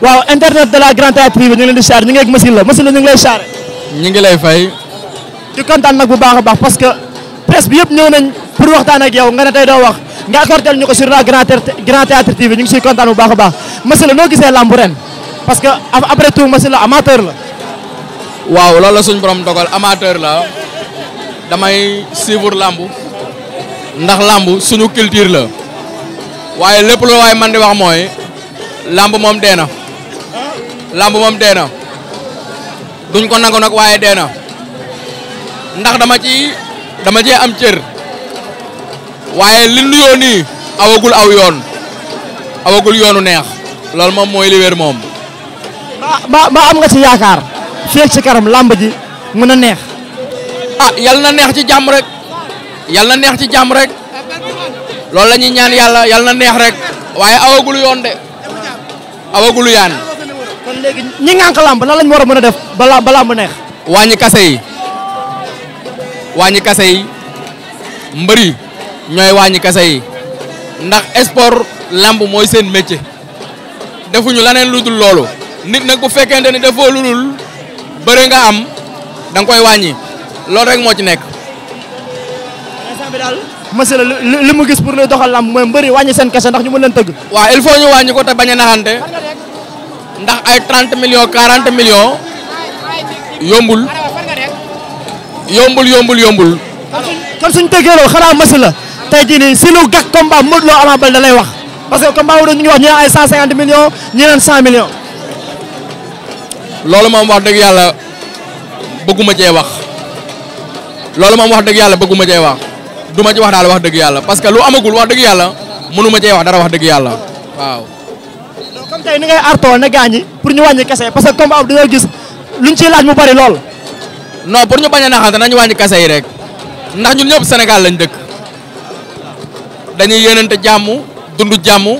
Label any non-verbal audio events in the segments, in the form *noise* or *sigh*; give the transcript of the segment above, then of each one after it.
Wow, internet de la grande prix ñu leen di char ñu ngeek machine la machine la ñu ngi lay char ñu ngi lay fay ci contane nak bu baaxa baax parce que presse bi yëpp ñëw nañ pour waxtaan ak yow nga ne tay do wax nga accordel ñuko sur la grande théâtre TV ñu ngi ci contane bu baaxa baax machine la noo gisee làmb ren parce que après tout machine la amateur la waaw loolu la borom dogal amateur la damay suivre làmb ndax làmb suñu culture la waaye lépp lu waaye man di wax mooy làmb moom dee na làmb moom dee na duñ ko nangu nag waaye dee na ndax dama ci dama cee am cër waaye li nuyoo nii awagul aw yoon awagul yoonu neex loolu moom mooy li moom. ba ba am nga ci yaakaar. fii ci karam làmb ji mën a neex. Ah, a yal na neex ci jàmm rek. yalla neex ci jam rek lolou lañuy ñaan yalla yalla neex rek waye awagul yoon de awagul yaan. kon legi ñi nga xam lamb la lañ wara mëna mën a def balaa balaa mu neex. wañi kasse yi wañi kasse yi mbeuri ñoy wañi kasse yi ndax sport lamb moy seen métier defuñu nit nak bu fekkene ni defo lulul beure nga am dang koy wañi rek mo ci nekk monsieur li mu gis pour luy doxal lamb mooy mbëri wàññi seen kese ndax ñu mën leen tëgg. waaw il faut ñu ko te naxante ndax ay 30 millions 40 millions yombul yombul yombul yombul. kon suñu monsieur la lu combat Lo Ama Baldé wax parce que combat wu ñu wax ñu ay 150 millions ñu 100 millions. loolu moom wax dëgg yàlla bëgguma cee wax loolu wax bëgguma wax duma ci wax dal wax deug yalla parce que lu amagul wax deug yalla munuma ci wax dara wax deug yalla waaw. comme tay ni ngay arto na gañi pour ñu wañi kasse parce que combat bi dañu gis luñ ci laaj mu bari lool. non pour ñu baña naxal dañu wañi kasse yi rek ndax ñun ñop Sénégal lañ dëkk dañuy yéenante jàmm dundu jàmm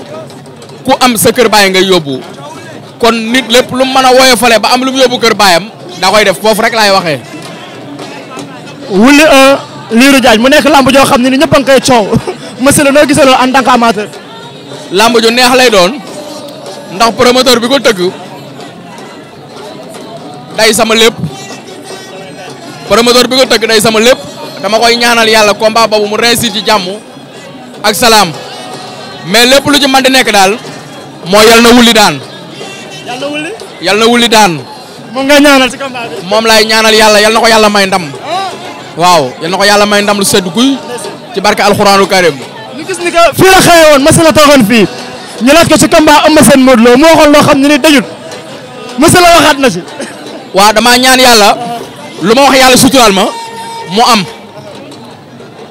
ku am sa kër baye ngay yobbu kon nit lepp lu mëna woyé falé ba am lu yobbu kër bayam da koy def fofu rek waxé waxee. euh liru jaaj mu nekk lamb jo xamni ne ni ñëpp a ngi *laughs* monsieur le no gisee en tant qu'amateur lamb jo neex lay doon ndax promoteur bi ko tëgg day sama lepp promoteur bi ko tëgg day sama lepp dama koy ñaanal yalla combat bobu mu réussir ci jamm ak salam mais lepp lu ci man di nekk dal mo yalla na wulli daan. yal na wuli. yal na wuli daan. mo nga ñaanal ci combat bi. moom ñaanal yalla yal na yalla may ndam waaw yalla nako yalla may ndam lu seddu guy ci barke alxuraanu karim ni gis ni que fi la xëy woon masa la toogoon fii ñu laaj ko ci kamba Eumeu sen modlo mo xol lo xamni ni dejut masa la waxaat na ci wa dama ñaan yalla lu ma wax yalla sutural ma mu am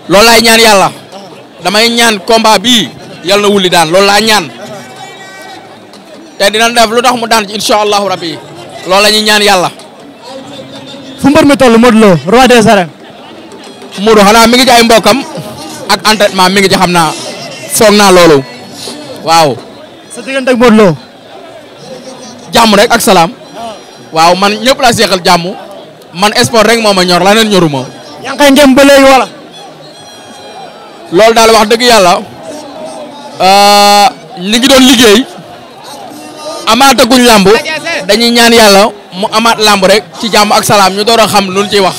lol lay ñaan yalla damay ñaan combat bi yalla na wulli daan lol laa ñaan te dina def lu tax mu daan ci inshallah rabbi lol la ñaan yalla fu mbeur mi tollu modlo roi des arènes Modou xala mi ngi ci mbokam ak entraînement mi ngi xamna xam lolu foog waaw. sa digënd ak modlo jamm rek ak salam waaw man ñepp la seexal jamm man sport rek moma ñor la neen ñoruma. yang kay koy ba lay wala. lolu daal wax yalla euh ni ngi doon liggéey guñ lamb dañuy ñaan yalla mu amat lamb rek ci jamm ak salam ñu doora xam lu ñu wax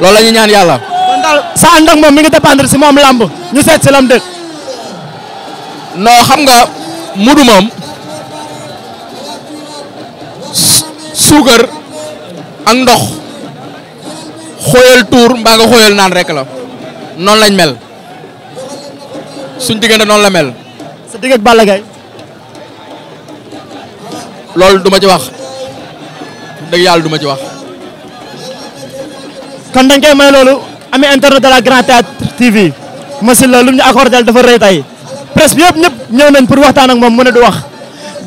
loolu la ñu ñaan yalla kon daal sa and ak mom mi ngi dépendre ci mom lamb ñu sét ci lam dëkk. non xam nga mudu mom sugar ak ndox xoyal tour mbaa nga xoyal naan rek la non lañ mel suñ digënde non la mel. sa digëk Balla gay loolu du ci wax deug yalla du ci wax kon dañ koy may loolu amee internet de la Grand Théâtre TV masil la lu ñu accordel dafa rëy tey presse bi yëpp ñëpp ñëw nañ pour waxtaan ak moom mu du wax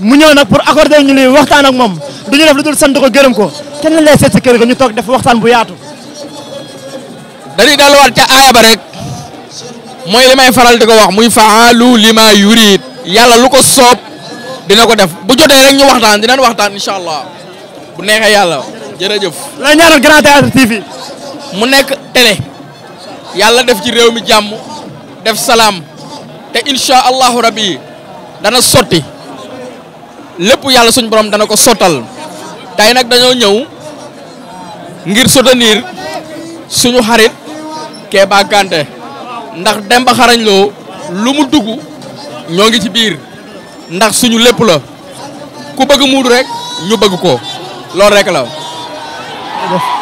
mu ñëw nak pour accordel ñu lii waxtaan ak mom du ñu def lu dul sant ko gërëm ko kenn lay seet si kër ga ñu def waxtaan bu yaatu dañuy delluwaat ca aya ba rek mooy faral di wax muy faalu lima yurid yalla luko ko dina ko def bu jotté rek ñu waxtaan dinañ waxtaan inshallah bu neexee yalla ya, jërëjëf la ñaanal Grand Théâtre TV mu nekk télé yàlla def ci réew mi jàmm def salaam te incha allahu rabi dana sotti lépp yàlla suñ borom dana ko sottal tey nag dañoo ñëw ngir soutenir suñu xarit Keba Kanté ndax Demba Xarañ Lo lu mu dugg ñoo ngi ci biir ndax suñu lépp la ku bëgg muudu rekk ñu bëgg ko loo rekk la.